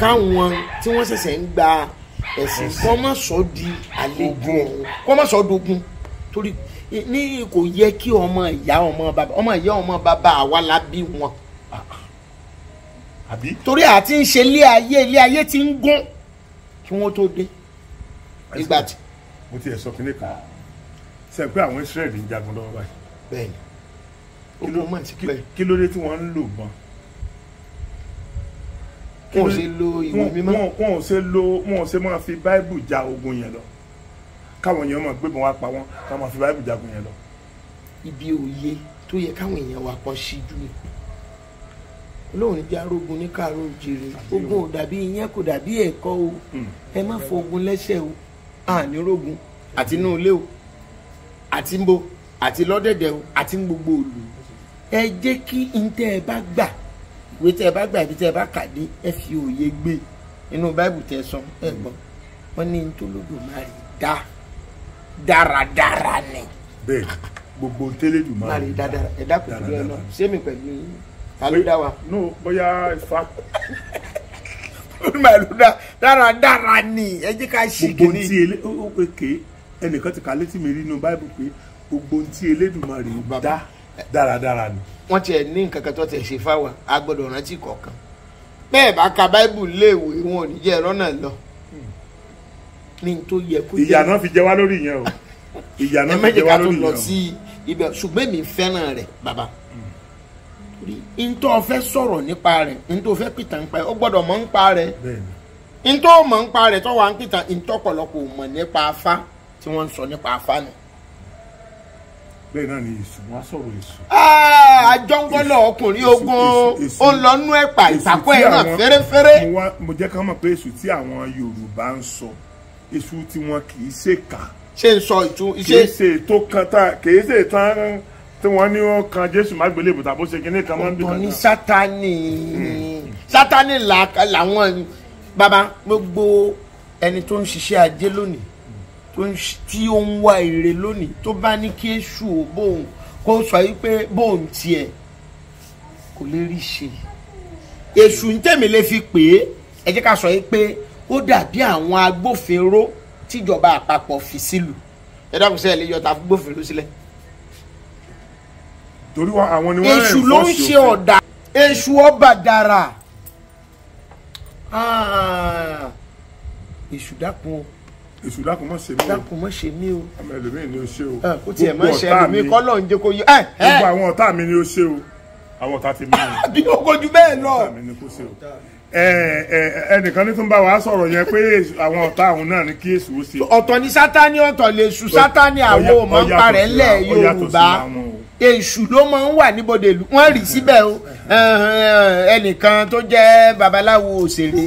káwọn tí wọ́n ṣẹ̀ṣẹ̀ ń gba ẹ̀sìn kọ́ má sọ di àlejò kọ́ má sọ dogun torí ní kò yẹ kí ọmọ ìyá ọmọ bàbá ọmọ ìyá ọmọ bàbá àwa la bí wọn ah, ah. torí àti ń ṣe ilé ayé ilé ayé ti ń gún kí wọ́n tó dé nígbà tí. mo ti ẹ̀ sọ kí ní kàn án ṣe pé àwọn Israel ń jagun lọ́wọ́ báyìí. bẹ́ẹ̀ni ogun mọ ti pẹ́. kí ló dé tí wọ́n ń lò mọ́. wọn ò ṣe lo ìwé mímọ́. wọn ò ṣe lo wọn ò ṣe máa fi báìbù ja ogun yẹn lọ káwọn èèyàn máa gbébọn wá pa wọn káwọn máa fi báìbù jagun yẹn lọ. ibi òye tó yẹ káwọn èèyàn wà kan ṣíjú ni olóhùn níbi arógun ní káàró òjìrì ogun ò dàbí iyán kò dàbí ẹ̀kọ o hmm. ẹ má fọ ogun lẹ́sẹ̀ o ànírógun àtinúlé o àti mbo àti lọ́dẹ̀dẹ̀ o àti gbogbo òlu ẹ jẹ́ kí n tẹ́ ẹ bá gbà ìwé tẹ́ ẹ bá gbà ibi tẹ́ ẹ bá kà dé ẹ fi òye gbé inú báìbù tẹ́ sọ ẹ gbọ́ wọn ní ntòlódùmarè dá dáradára ni. bẹ́ẹ̀ gbogbo ntẹlẹdùmarè dáradára ẹ dákun tó lọ lọ sẹmi pẹ̀lú ta wa. no bóyá ifá. olùmọ̀lù dáradára ni ẹ jẹ́ ká ṣì kìíní. gbogbo ntí ele ó pè ké ẹnìkan ti kà létí mi rí inú báìbù pé gbogbo ohun tí Elédùmarè dá dáradára ni. wọ́n tiẹ̀ ní nǹkan kan tó tẹ̀ ṣe fáwa a gbọ́dọ̀ rántí kọ̀ọ̀kan bẹ́ẹ̀ bá ka báìbù léèwé wọn ò ní jẹ́ rọ́nà lọ ní tó yẹ kó yẹ. ìyà náà fi jẹ wá lórí yẹn o ìyà náà fi jẹ wá lórí yẹn o. ẹ mẹ́jẹ̀ ká tó lọ sí ṣùgbọ́n èmi fẹ́ràn rẹ̀ bàbá torí ntọ́ fẹ́ sọ̀rọ̀ nípa rẹ̀ ntọ́ fẹ́ pìtàn nípa rẹ̀ ó gbọ́dọ̀ mọ̀ nípa rẹ̀ ntọ́ mọ̀ nípa rẹ̀ tọ́wọ́ à ń pìtàn ntọ́ pọ̀lọpọ̀ mọ̀ nípa afá tí wọ́n ń sọ nípa afáàní. bẹ́ẹ̀ náà ni èṣù sọ̀rọ̀ èṣù. àjọngbọ́lọ̀ ah, ọkùnrin ogun ó lọ nú ẹ̀pà ìtàkọ́ ẹ̀ náà fẹ́rẹ́fẹ́rẹ́. mo jẹ́ ká mọ̀ pé èṣù tí àwọn Yorùbá ń sọ èṣù tí wọn kì í ṣèkà ṣe ń sọ ìtú iṣẹ́. kì í ṣe ètò kan tá kì í ṣe ètò tí wọ́n ní wọ́n kan jésù má gbélé ibùdó àbó ṣe kínní kan mọ́ níbi kan. ọ̀tọ̀ sátani hmm. làwọn baba gbogbo ẹni tó ń ṣiṣẹ́ ajé lónìí tí ó ń wá èrè lónìí tó bá ní kí èṣù ò bóun kó sọ wípé bóun tiẹ̀ kò lè rí ṣe èṣù ń tẹ̀mí lè fi pè é ẹ jẹ́ ká sọ wípé ó dàbí àwọn agbófinró tíjọba àpapọ̀ fi sílùú ẹ dákun sí ẹ lè yọta agbófinró sílẹ̀. torí wa àwọn ni wọ́n rẹ̀ ń fọ́ sí òfin èṣù ló ń ṣe ọ̀dà èṣù ọba dára ah. èṣù dákun o èṣù dákun mọ̀ ṣe mí o dákun mọ̀ ṣe mí o àmọ́ ẹlòmíì ni o ṣe o kó tiẹ̀ mọ̀ ṣe ẹlòmíì kọ́ lọ́ọ̀ ń jẹ́ kó yọ ẹ ẹ gbogbo àwọn ọ̀tá mi ni o ṣe o àwọn ọ̀tá ti mú mi bí o kojú bẹ́ẹ̀ lọ ẹnìkan ní tún bá wa sọ̀rọ̀ yẹn pé àwọn ọ̀tá àwọn náà ni kí èṣù ó ṣe. ọ̀tọ̀ ni sátani ọ̀tọ̀ lè ṣu sátani àwọn ò mọ̀ ń parẹ́ lẹ̀ yorùbá èṣù ló máa ń wà níbodè wọ́n rí síbẹ̀ o ẹnìkan tó jẹ́ babaláwo òṣèré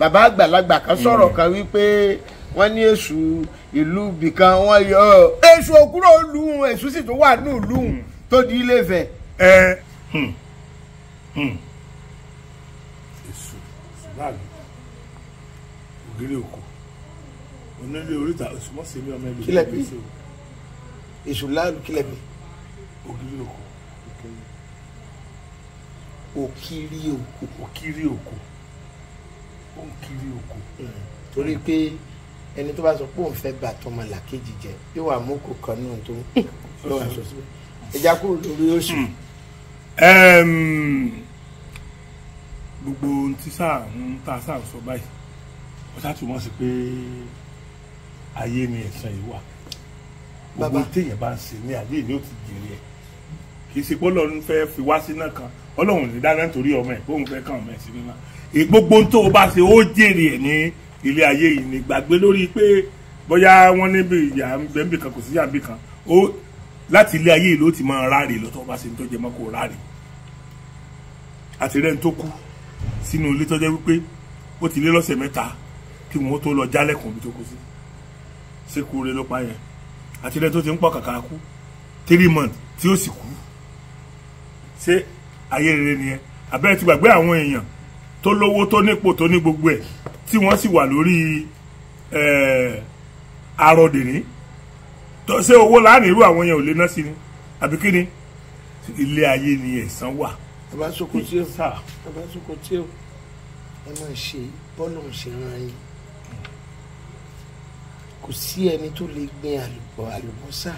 bàbá àgbàlagbà kan sọ̀rọ̀ mm. kan wípé wọ́n ní èṣù ìlú bìkan wọ́n yọ ọ́ èṣù òkúrò lù ú èṣù sì tó wà ní ìlú tó di ilé Ifẹ̀. ẹ hmm. Hmm. èṣù báàgì ògiri òkú onílé oríta èṣù mọ́ sí ilé ọmọ ẹgbẹ́ kílẹ̀ bí èṣù láàlú kílẹ̀ bí ògiri òkú òkiri òkú òkiri òkú ó ń òkú torí pé. Mm ẹni tó bá sọ pé òun fẹ́ bà tọmọ làkejì jẹ yóò wà mú kò kan náà tó yóò wà sọsọ ẹja kú lórí oṣù. Hmm. gbogbo ohun tí sáà ń ta sáà sọ báyìí wọ́n ṣáà tún mọ̀ pé ayé ni ẹ̀san yìí wà gbogbo téèyàn bá ń ṣe ní ayé ni ó ti jèrè ẹ̀ kì í ṣe pé ọlọ́run fẹ́ fi wá sínú kan ọlọ́run ní dáná nítorí ọmọ ẹ̀ pé òun fẹ́ kàn ọmọ ẹ̀ sínú náà gbogbo tó o bá ṣe ó jèrè ẹ̀ ní ilé ayé yìí ni gbàgbé lórí pé bóyá wọ́n níbi ìyá gbẹ̀mbì kan kò sí yàmbì kan ó láti ilé ayé yìí ló ti máa ráre lọ́tọ́ bá ṣe ń tọ́jú ẹ̀mọ́ kò ráre àti rẹ́ni tó kú sínú ilé tọ́jú wípé ó ti lé lọ́sẹ̀ mẹ́ta kí wọ́n tó lọ jálẹ̀kùn bí tó kú sí sékú rẹ ló pa yẹn àti rẹ́ni tó ti ń pọ̀ kàkà kú three months tí ó sì kú ṣé ayé rere nìyẹn àbẹ́rẹ́ ti gbàgbé àwọn èèyàn tó lówó tó nípò tó ní gbogbo ẹ̀ tí wọ́n sì wà lórí àròdìní tó ṣe owó láàrin irú àwọn yẹn ò lè ná sí ni àbí kí ni ilé ayé ni ẹ̀san wà. bàbá sọkò tí o bàbá sọkò tí o ẹ máa ṣe bọ́ọ̀lù ṣe ràn yín kò sí ẹni tó lè gbin àlùbọ́sà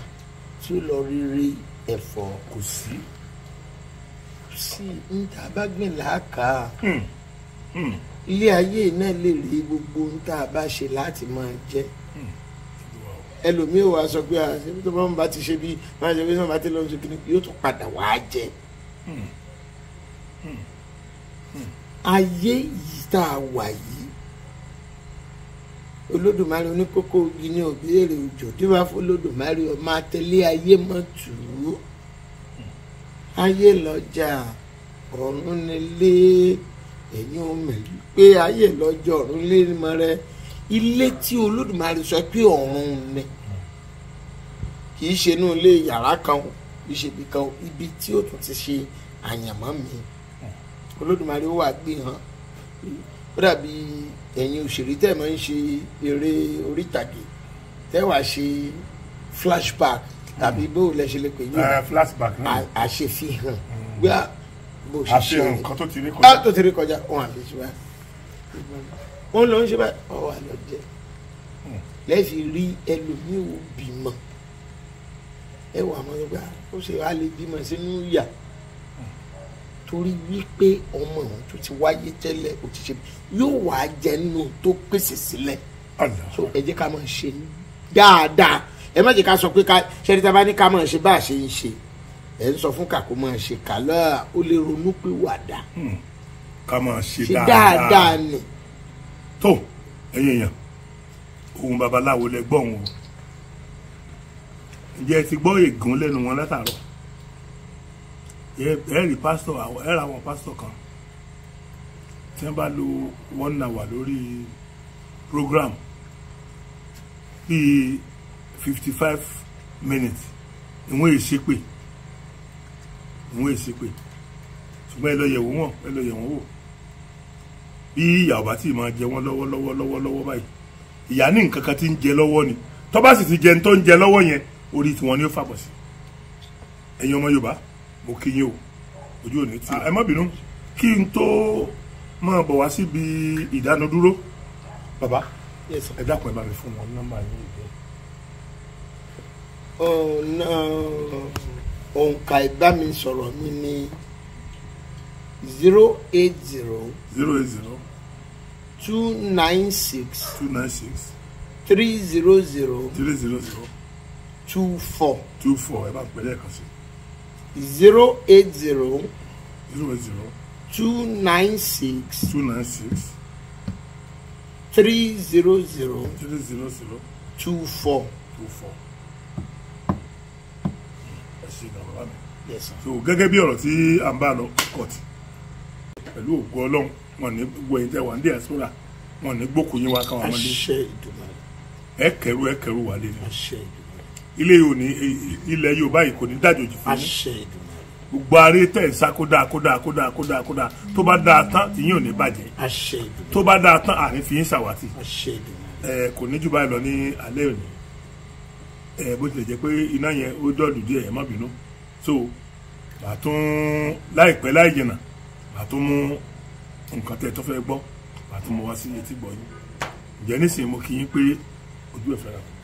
tí ó lọ rírí ẹ̀fọ́ kò sí kò sí ní tá a bá gbìn làákàá. Hmm. Hmm. ilé ayé náà lè rí gbogbo ohun tá a bá ṣe láti máa jẹ hmm. ẹlòmíì wa sọ pé àṣẹbí ah, tó bá ń bá ti ṣe bí máa ṣe bí tó bá ti lọ sí kíní yóò tún padà wá jẹ hmm. ayé yìí tá a wà yìí olódùmarè oníkókó igi ní òbéèrè òjò tí wàá fún olódùmarè ọmọ àtẹlé ayé mọ tù ayé lọjà ọ̀run nílé ẹ̀yin ọmọ yìí pé ayé lọ́jọ́ ọ̀run lé mọ́ rẹ ilé tí olódùmarè sọ pé ọ̀run ni kì í ṣe inú ilé yàrá kan ìṣèbí kan ibi tí ó tún ti ṣe àyànmọ́ mi olódùmarè ó wà gbé hàn ó dàbí ẹ̀yin òṣèré tẹ́ máa ń ṣe eré orí ìtàgé ṣe flashback tàbí bó lẹ ṣe lè pè yín àṣefihàn gbé bó ṣe ṣe àfihàn nǹkan tó ti rí kọjá ah, tó ti rí kọjá wọn àfi ṣe báyìí wọn lọ ń ṣe báyìí wọn wà lọ jẹ hmm. lẹ́sìn rí ẹlòmíì ò bímọ ẹ wà mọ́ nígbà ah, ó ṣe wá lè bímọ sínú yà torí wípé ọmọ òun tó ti wáyé tẹ́lẹ̀ ó ti ṣe yóò wá jẹnu tó pèsè sílẹ̀ so ẹ jẹ́ ká máa ṣe dáadáa ẹ má jẹ́ ká sọ pé ká ṣẹ́ni tá a bá ní ká máa ṣe bá a ṣe ń ṣe ẹ ń sọ fún kà kó máa ṣe kà lọ́à ó lè ronú pé wàdà. Hmm. ká máa ṣe dáadáa ni. tó ẹ̀yin èèyàn ohun babaláwo lẹ gbọ́ òun o ǹjẹ́ ẹ ti gbọ́ ègún lẹ́nu wọn látàárọ̀ ẹ rí pásítọ̀ ẹ ra àwọn pásítọ̀ kan tí wọ́n bá lo one hour lórí program bíi fifty five minutes ìwọ̀n èsì pè wọn èsì pè ṣùgbọ́n ẹ lọ yẹ̀wò wọn ẹ wò bí ìyà ọba tí máa jẹ wọn lọ́wọ́ lọ́wọ́ lọ́wọ́ lọ́wọ́ báyìí ìyà ní nǹkan kan tí ń jẹ lọ́wọ́ ni tó bá sì ti jẹun tó ń jẹ lọ́wọ́ yẹn orí tiwọn ni ó fàbọ̀ sí ẹ̀yin ọmọ Yorùbá mo kí yín o ojú òní tí ẹ má bínú kí n tó máa bọ̀ wá síbi ìdánudúró bàbá ẹ dákun ẹ bá mi fún wọn nọ́mbà yín ìgbẹ́. Oh, òǹkà ìbámisọ̀rọ̀ mi ni zero eight zero. zero eight zero. two nine six. two nine six. three zero zero. three zero zero. two four. two four ẹ bá ń pẹ̀lẹ́ ẹ̀kan sí. zero eight zero. zero eight zero. two nine six. two nine six. three zero zero. three zero zero. two four. two four sí so gẹ́gẹ́ bí ọ̀rọ̀ tí à ń bá lọ court pẹ̀lú ògo ọlọ́run wọn ní gbogbo ẹ̀yin tẹ́ wà ní diaspora wọn ní gbókùn yín wá káwọn ọmọdé ẹ kẹrù ẹ kẹrù wà lé ilé yóò ní ilẹ̀ Yorùbá yìí kò ní dájòjì fún yín gbogbo aré tẹ̀ ń sá kódà kódà kódà kódà kódà tó bá dáa tán ìyín ò ní bàjẹ́ tó bá dáa tán àní fi kò ní jù báyìí lọ ní alẹ́ òní ẹ eh, bó tilẹ̀ jẹ́ pé iná yẹn ó dọ̀lù díẹ̀ ẹ má bínú so màá tún láìpẹ́ láì jìnà màá mú nǹkan tẹ́ tó fẹ́ gbọ́ màá tún mú wá sí etí gbọ́ yín ǹjẹ́ nísìnyí mo kí yín pé ojú ẹ̀ fẹ́ràn